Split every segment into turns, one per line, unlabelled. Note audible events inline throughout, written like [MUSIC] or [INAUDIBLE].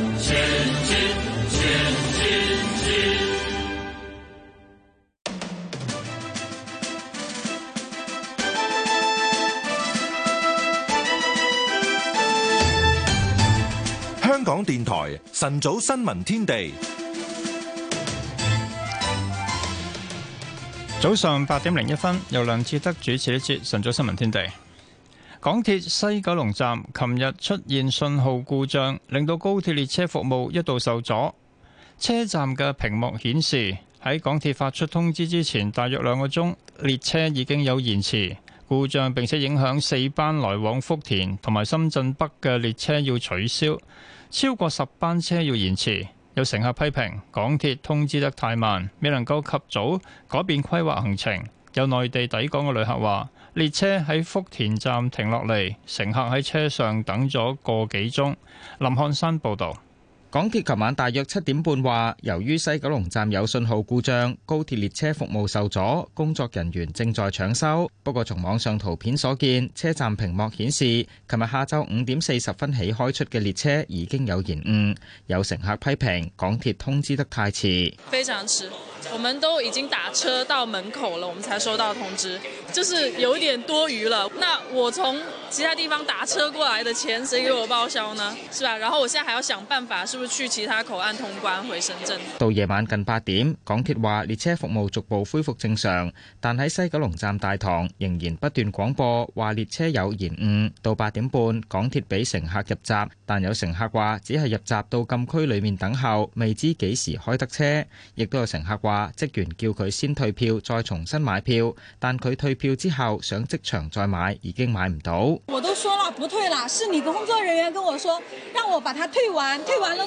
前進，前進，進！香港電台晨早新聞天地，
早上八點零一分，由梁智德主持一節晨早新聞天地。港鐵西九龍站琴日出現信號故障，令到高鐵列車服務一度受阻。車站嘅屏幕顯示喺港鐵發出通知之前大約兩個鐘，列車已經有延遲，故障並且影響四班來往福田同埋深圳北嘅列車要取消，超過十班車要延遲。有乘客批評港鐵通知得太慢，未能夠及早改變規劃行程。有內地抵港嘅旅客話。列車喺福田站停落嚟，乘客喺車上等咗個幾鐘。林漢山報導。港鐵琴晚
大約七點半話，由於西九龍站有信號故障，高鐵列車服務受阻，工作人員正在搶修。不過從網上圖片所見，車站屏幕顯示，琴日下晝五點四十分起開出嘅列車已經有延誤。有乘客批評港鐵通知得太遲，
非常遲，我們都已經打車到門口了，我們才收到通知，就是有一點多餘了。那我從其他地方打車過來的錢，誰給我報銷呢？是吧？然後我現在還要想辦法。是不是去其他口岸通關回深
圳。到夜晚近八點，港鐵話列車服務逐步恢復正常，但喺西九龍站大堂仍然不斷廣播話列車有延誤。到八點半，港鐵俾乘客入閘，但有乘客話只係入閘到禁區裏面等候，未知幾時開得車。亦都有乘客話職員叫佢先退票再重新買票，但佢退票之後想即場再買已經買唔到。
我都說了，不退了，是你的工作人員跟我說，讓我把它退完，退完了。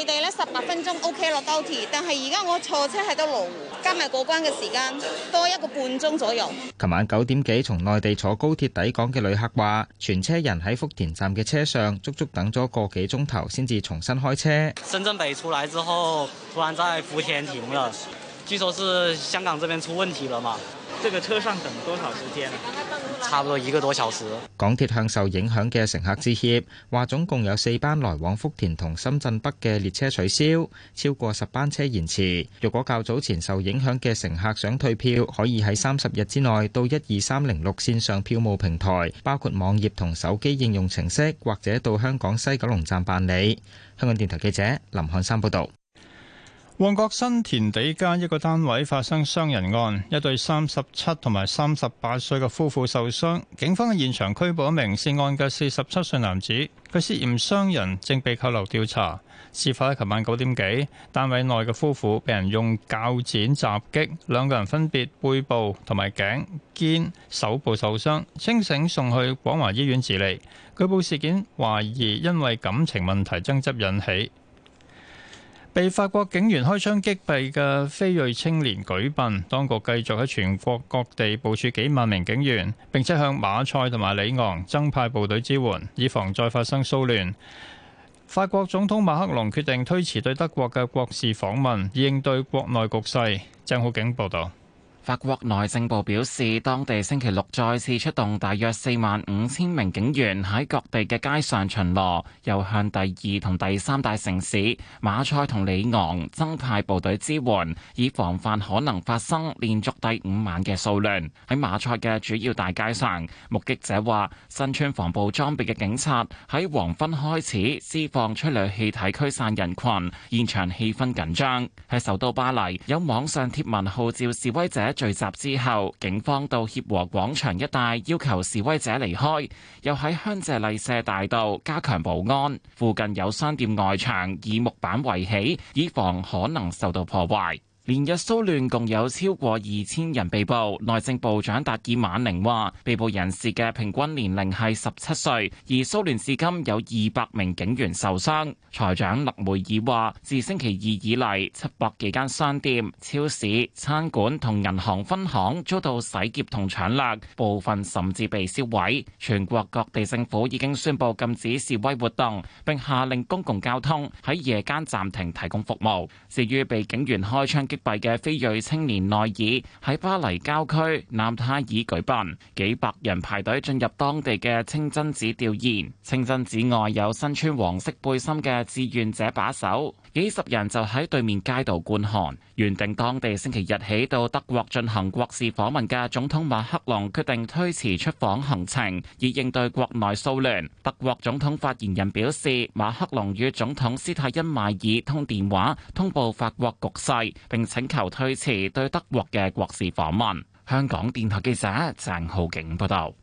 你哋咧十八分鐘 OK 落高鐵，但係而家我坐車喺度羅湖，加埋過關嘅時間多一個半鐘左右。
琴晚九點幾從內地坐高鐵抵港嘅旅客話，全車人喺福田站嘅車上足足等咗個幾鐘頭，先至重新開車。
深圳北出來之後，突然在福田停了。據說是
香港這邊出問題了嘛？這個車上等多少時間？差不多一個多小時。港鐵向受影響嘅乘客致歉，話總共有四班來往福田同深圳北嘅列車取消，超過十班車延遲。如果較早前受影響嘅乘客想退票，可以喺三十日之內到一二三零六線上票務平台，包括網頁同手機應用程式，或者到香港西九龍站辦理。香港電台記者林漢山報道。
旺角新填地街一個單位發生傷人案，一對三十七同埋三十八歲嘅夫婦受傷。警方喺現場拘捕一名涉案嘅四十七歲男子，佢涉嫌傷人，正被扣留調查。事發喺琴晚九點幾，單位內嘅夫婦被人用鉸剪襲擊，兩個人分別背部同埋頸肩手部受傷，清醒送去廣華醫院治理。據報事件懷疑因為感情問題爭執引起。被法國警員開槍擊斃嘅非裔青年舉殯，當局繼續喺全國各地部署幾萬名警員，並且向馬賽同埋里昂增派部隊支援，以防再發生騷亂。法國總統馬克龍決定推
遲對德國嘅國事訪問，以應對國內局勢。鄭浩景報道。法國內政部表示，當地星期六再次出動大約四萬五千名警員喺各地嘅街上巡邏，又向第二同第三大城市馬賽同里昂增派部隊支援，以防範可能發生連續第五晚嘅騷亂。喺馬賽嘅主要大街上，目擊者話，身穿防暴裝備嘅警察喺黃昏開始施放催淚氣體驅散人群，現場氣氛緊張。喺首都巴黎，有網上貼文號召示威者。聚集之後，警方到協和廣場一帶要求示威者離開，又喺香榭麗舍大道加強保安。附近有商店外牆以木板圍起，以防可能受到破壞。連日騷亂共有超過二千人被捕，內政部長達爾馬寧話，被捕人士嘅平均年齡係十七歲。而騷亂至今有二百名警員受傷。財長勒梅爾話，自星期二以嚟，七百幾間商店、超市、餐館同銀行分行遭到洗劫同搶掠，部分甚至被燒毀。全國各地政府已經宣布禁止示威活動，並下令公共交通喺夜間暫停提供服務。至於被警員開槍擊，閉嘅非裔青年奈爾喺巴黎郊區南泰爾舉辦，幾百人排隊進入當地嘅清真寺悼念。清真寺外有身穿黃色背心嘅志願者把守。幾十人就喺對面街道觀看。原定當地星期日起到德國進行國事訪問嘅總統馬克龍決定推遲出訪行程，以應對國內騷亂。德國總統發言人表示，馬克龍與總統斯泰因邁爾通電話，通報法國局勢，並請求推遲對德國嘅國事訪問。香港電台記者鄭浩景報道。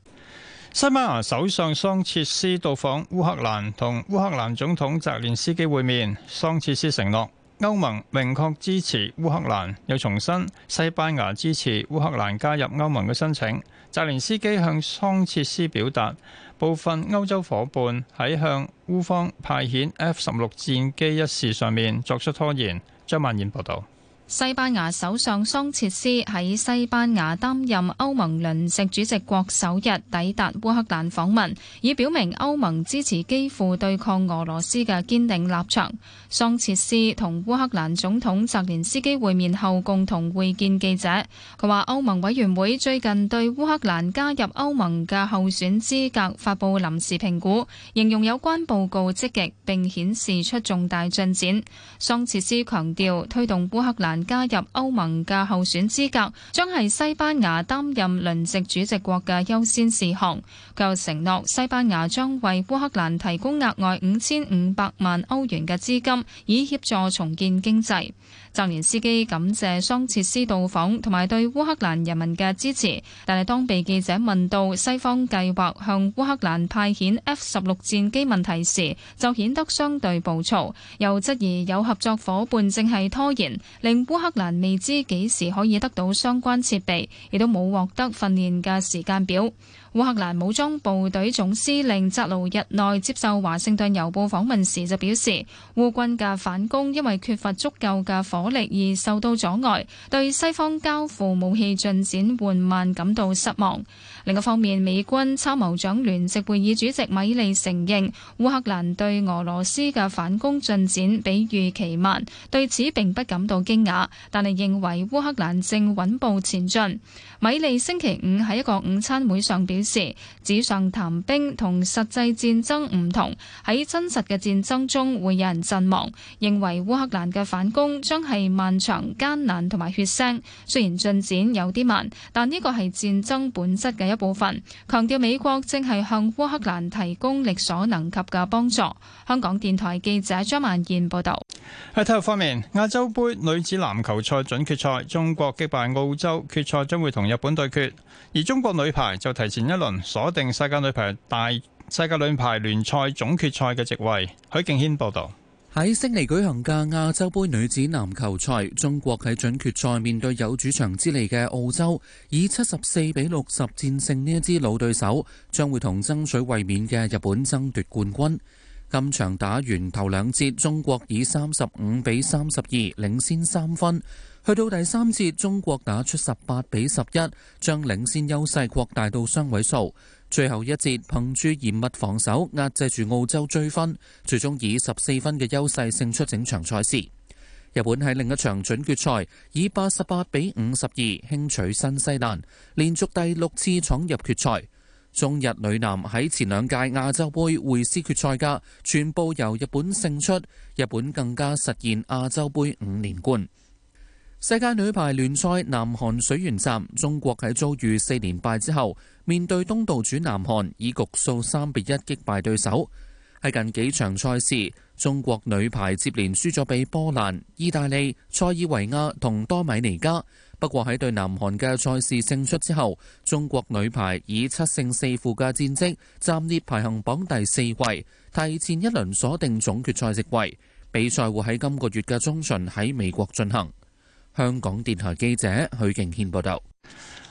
西班牙首相
桑切斯到訪烏克蘭，同烏克蘭總統澤連斯基會面。桑切斯承諾，歐盟明確支持烏克蘭，又重申西班牙支持烏克蘭加入歐盟嘅申請。澤連斯基向桑切斯表達，部分歐洲伙伴喺向烏方派遣 F 十六戰機一事上面作出拖延。張曼燕報道。
西班牙首相桑切斯喺西班牙擔任歐盟輪值主席國首日抵達烏克蘭訪問，以表明歐盟支持基輔對抗俄羅斯嘅堅定立場。桑切斯同烏克蘭總統澤連斯基會面後，共同會見記者。佢話歐盟委員會最近對烏克蘭加入歐盟嘅候選資格發布臨時評估，形容有關報告積極，並顯示出重大進展。桑切斯強調推動烏克蘭。加入歐盟嘅候選資格將係西班牙擔任輪值主席國嘅優先事項，佢又承諾西班牙將為烏克蘭提供額外五千五百萬歐元嘅資金，以協助重建經濟，澤連斯基感謝桑切斯到訪同埋對烏克蘭人民嘅支持，但係當被記者問到西方計劃向烏克蘭派遣 F 十六戰機問題時，就顯得相對暴躁，又質疑有合作夥伴正係拖延令。烏克蘭未知幾時可以得到相關設備，亦都冇獲得訓練嘅時間表。烏克蘭武裝部隊總司令扎盧日內接受華盛頓郵報訪問時就表示，烏軍嘅反攻因為缺乏足夠嘅火力而受到阻礙，對西方交付武器進展緩慢感到失望。另一方面，美軍參謀長聯席會議主席米利承認，烏克蘭對俄羅斯嘅反攻進展比預期慢，對此並不感到驚訝，但係認為烏克蘭正穩步前進。米利星期五喺一個午餐會上表時，紙上談兵同實際戰爭唔同。喺真實嘅戰爭中會有人陣亡。認為烏克蘭嘅反攻將係漫長、艱難同埋血腥。雖然進展有啲慢，但呢個係戰爭本質嘅一部分。強調美國正係向烏克蘭提供力所能及嘅幫助。香港電台記者張曼燕報道。
喺體育方面，亞洲盃女子籃球賽準決賽，中國擊敗澳洲，決賽將會同日本對決。而中國女排就提前。一輪鎖定世界女排大世界女排聯賽總決賽嘅席位。許敬軒報道：
喺悉尼舉行嘅亞洲盃女子籃球賽，中國喺準決賽面對有主場之利嘅澳洲，以七十四比六十戰勝呢一支老對手，將會同爭取衛冕嘅日本爭奪冠軍。今場打完頭兩節，中國以三十五比三十二領先三分。去到第三節，中國打出十八比十一，將領先優勢擴大到雙位數。最後一節，憑住嚴密防守，壓制住澳洲追分，最終以十四分嘅優勢勝出整場賽事。日本喺另一場準決賽以八十八比五十二輕取新西蘭，連續第六次闖入決賽。中日女籃喺前兩屆亞洲盃會師決賽嘅，全部由日本勝出，日本更加實現亞洲盃五連冠。世界女排聯賽南韓水原站，中國喺遭遇四連敗之後，面對東道主南韓，以局數三比一擊敗對手。喺近幾場賽事，中國女排接連輸咗俾波蘭、意大利、塞爾維亞同多米尼加。不過喺對南韓嘅賽事勝出之後，中國女排以七勝四負嘅戰績暫列排行榜第四位，提前一輪鎖定總決賽席位。比賽會喺今
個月嘅中旬喺美國進行。香港電台記者許敬軒報道。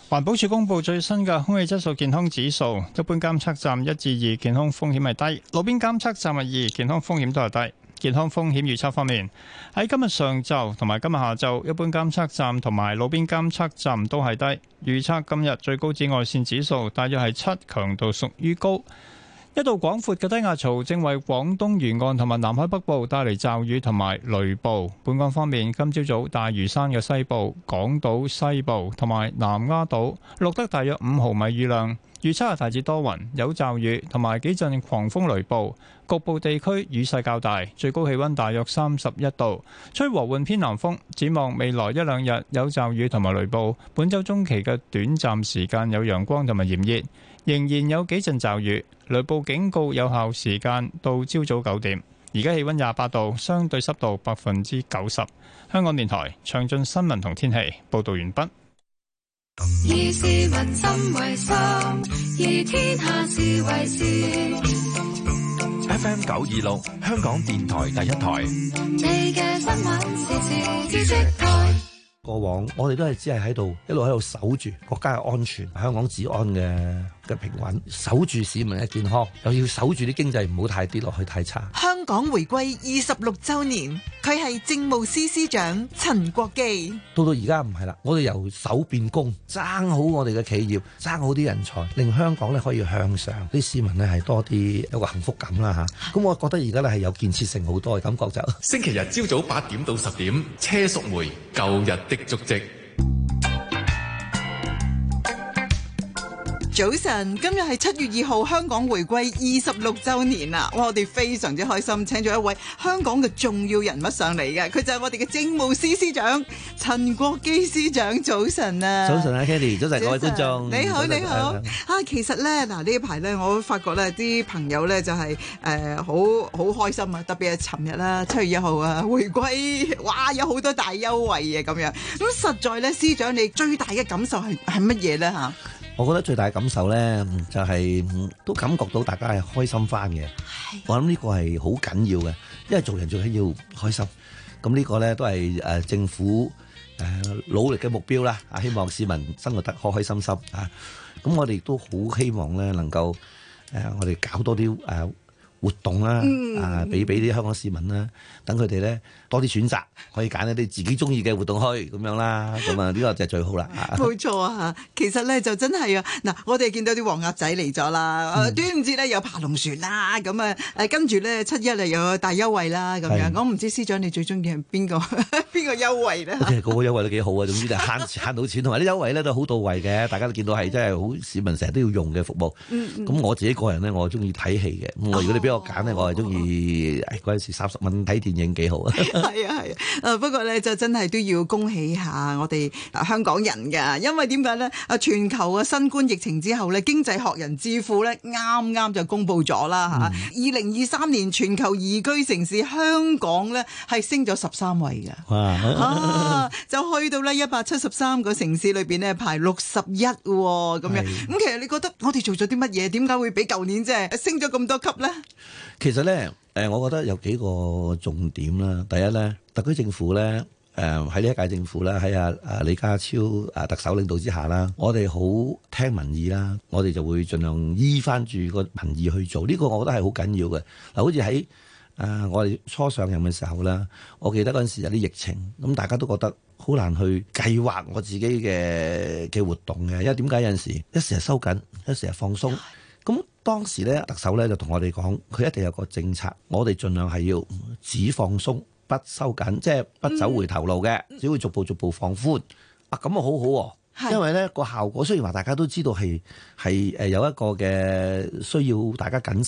環保署公布最新嘅空氣質素健康指數，一般監測站一至二健康風險係低，路邊監測站係二健康風險都係低。健康風險預測方面，喺今日上晝同埋今日下晝，一般監測站同埋路邊監測站都係低。預測今日最高紫外線指數大約係七，強度屬於高。一道廣闊嘅低壓槽正為廣東沿岸同埋南海北部帶嚟驟雨同埋雷暴。本港方面，今朝早大嶼山嘅西部、港島西部同埋南丫島錄得大約五毫米雨量。預測係大致多雲，有驟雨同埋幾陣狂風雷暴，局部地區雨勢較大，最高氣溫大約三十一度，吹和緩偏南風。展望未來一兩日有驟雨同埋雷暴，本周中期嘅短暫時間有陽光同埋炎熱，仍然有幾陣驟雨，雷暴警告有效時間到朝早九點。而家氣溫廿八度，相對濕度百分之九十。香港電台詳盡新聞同天氣報道完畢。
以市民心為心，以天下事為事。FM
九二六， [MUSIC] FM 九二六，香港電台第一台。
[MUSIC] 你
過往我哋都係只係喺度，一路喺度守住國家嘅安全，香港治安嘅嘅平穩，守住市民嘅健康，又要守住啲經濟唔好太跌落去、太差。
香港回歸二十六周年，佢係政務司司長陳國基。
到到而家唔係啦，我哋由守變攻爭好我哋嘅企業，爭好啲人才，令香港咧可以向上，啲市民咧係多啲一有個幸福感啦吓，咁、啊、我覺得而家咧係有建設性好多嘅感覺就。
星期日朝早八點到十點車淑梅舊日的。足跡。
早晨，今日係七月二號，香港回歸二十六週年啦。我哋非常之開心，請咗一位香港嘅重要人物上嚟嘅，佢就係我哋嘅政務司司長陳國基司長。早晨啊！早晨啊
，Kenny，早晨，早晨各位觀眾，你好你好，啊，你
好啊。其實咧嗱，呢一排咧，我發覺咧啲朋友咧就係誒好好開心啊，特別係尋日啦，七月一號啊，回歸哇，有好多大優惠嘅、啊、咁樣。咁、嗯、實在咧，司長你最大嘅感受係係乜嘢咧？嚇？
我覺得最大感受咧，就係都感覺到大家係開心翻嘅。我諗呢個係好緊要嘅，因為做人最緊要開心。咁呢個咧都係誒政府誒努力嘅目標啦。啊，希望市民生活得開開心心啊。咁我哋亦都好希望咧能夠誒，我哋搞多啲誒。活動啦，啊俾俾啲香港市民啦，等佢哋咧多啲選擇，可以揀一啲自己中意嘅活動開咁樣啦，咁啊呢個就係最好啦。
冇錯啊， [LAUGHS] 其實咧就真係啊，嗱我哋見到啲黃鴨仔嚟咗啦，端午節咧有爬龍船啦，咁啊跟住咧七一嚟又有大優惠啦咁樣。我唔知司長你最中意係邊個邊個優惠呢？
個、okay，個優惠都幾好啊，總之就慳慳到錢同埋啲優惠咧都好到位嘅，大家都見到係真係好市民成日都要用嘅服務。咁、嗯嗯、我自己個人咧，我中意睇戲嘅。我咧，我係中意嗰陣時三十蚊睇電影幾好啊！係
啊係啊，誒不過咧就真係都要恭喜一下我哋香港人嘅，因為點解咧？啊全球嘅新冠疫情之後咧，經濟學人致富咧啱啱就公布咗啦嚇。二零二三年全球宜居城市香港咧係升咗十三位嘅，哇啊、 [LAUGHS] 就去到咧一百七十三個城市裏邊咧排六十一喎咁樣。咁、嗯、其實你覺得我哋做咗啲乜嘢？點解會比舊年即係升咗咁多級咧？
其實咧，誒，我覺得有幾個重點啦。第一咧，特區政府咧，誒，喺呢一屆政府咧，喺李家超特首領導之下啦，我哋好聽民意啦，我哋就會盡量依翻住個民意去做。呢、呢個我覺得係好緊要嘅。嗱，好似喺我哋初上任嘅時候啦，我記得嗰陣時有啲疫情，咁大家都覺得好難去計劃我自己嘅嘅活動嘅。因為點解有陣時一時日收緊，一時日放鬆。當時咧，特首咧就同我哋講，佢一定有一個政策，我哋盡量係要只放鬆不收緊，即、就、係、是、不走回頭路嘅、嗯，只會逐步逐步放寬啊，咁啊，好好，因為咧個效果雖然話大家都知道係係誒有一個嘅需要大家緊。